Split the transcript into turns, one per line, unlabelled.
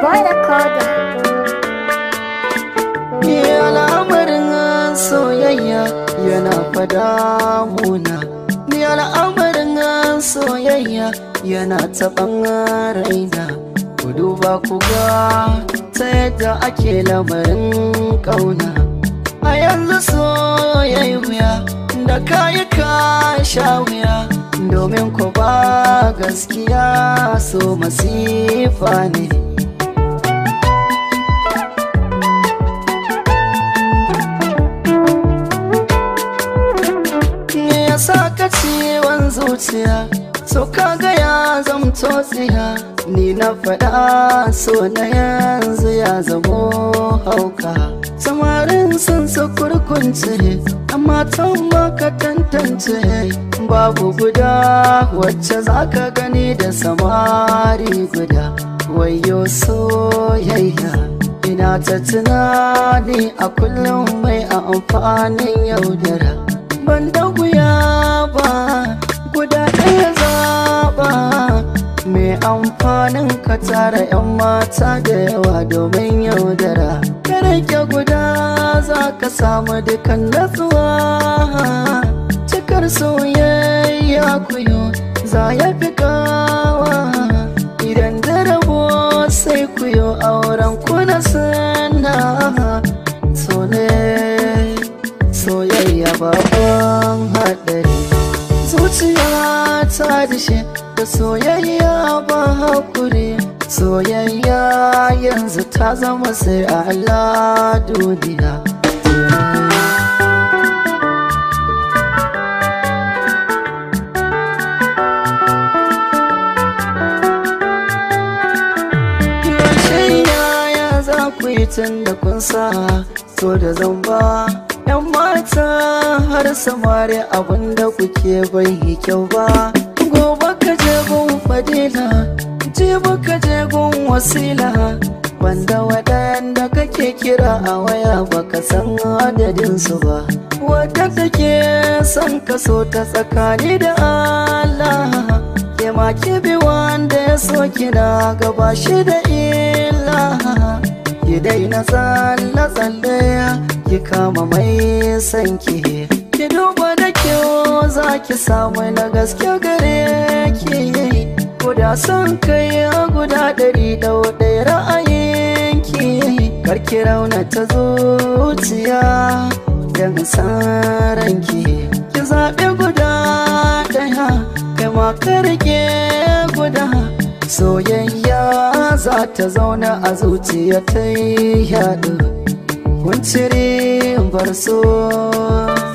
boy recorder Ni al'amarin soyayya yana fada muna Ni al'amarin soyayya yana taɓan raina Ku duba ku ga ta yadda ake lamarin ƙauna A yanzu soyayya da kayi ka sha wuya domin ku ba gaskiya so masifa ne ciwon zuciya so ka gaya zamto tsiya ni na faɗa so na yanzu ya zamo hauka samarin sun su kurkunce amma tan maka tantance babu guda wacce za ka gani da samari guda wayo soyayya ina ta tunani a kullum mai a amfanin yaudara ban da amfanin ka tara 'yan mata da yawa domin yaudara ka rike guda za ka samu dukan natsuwa cikar soyayya kuyo za ya fi kawa idan da rabo sai kuyo auren kuna sana so ne soyayya babban haɗari zuciya ta dishe da soyayya ba hakuri soyayya yanzu ta zama sai Allah yi tun da kun sa so da zamba yan mata har samari abinda kuke bai yi kyau ba ke kira a waya baka san adadin su ba wadda take son kaso ta tsakani da Allah ke maki bi wanda ya so kina gaba shi da illa ki daina tsalle-tsalle ki kama mai son ki ki duba da kyau za ki samu na gaske gare ki guda son kai guda ɗari ki rauna ta zuciya don saranki ki zaɓi guda daya kai ma karke guda soyayya za ta zauna a zuciya ta yi yaɗu kun cire bar so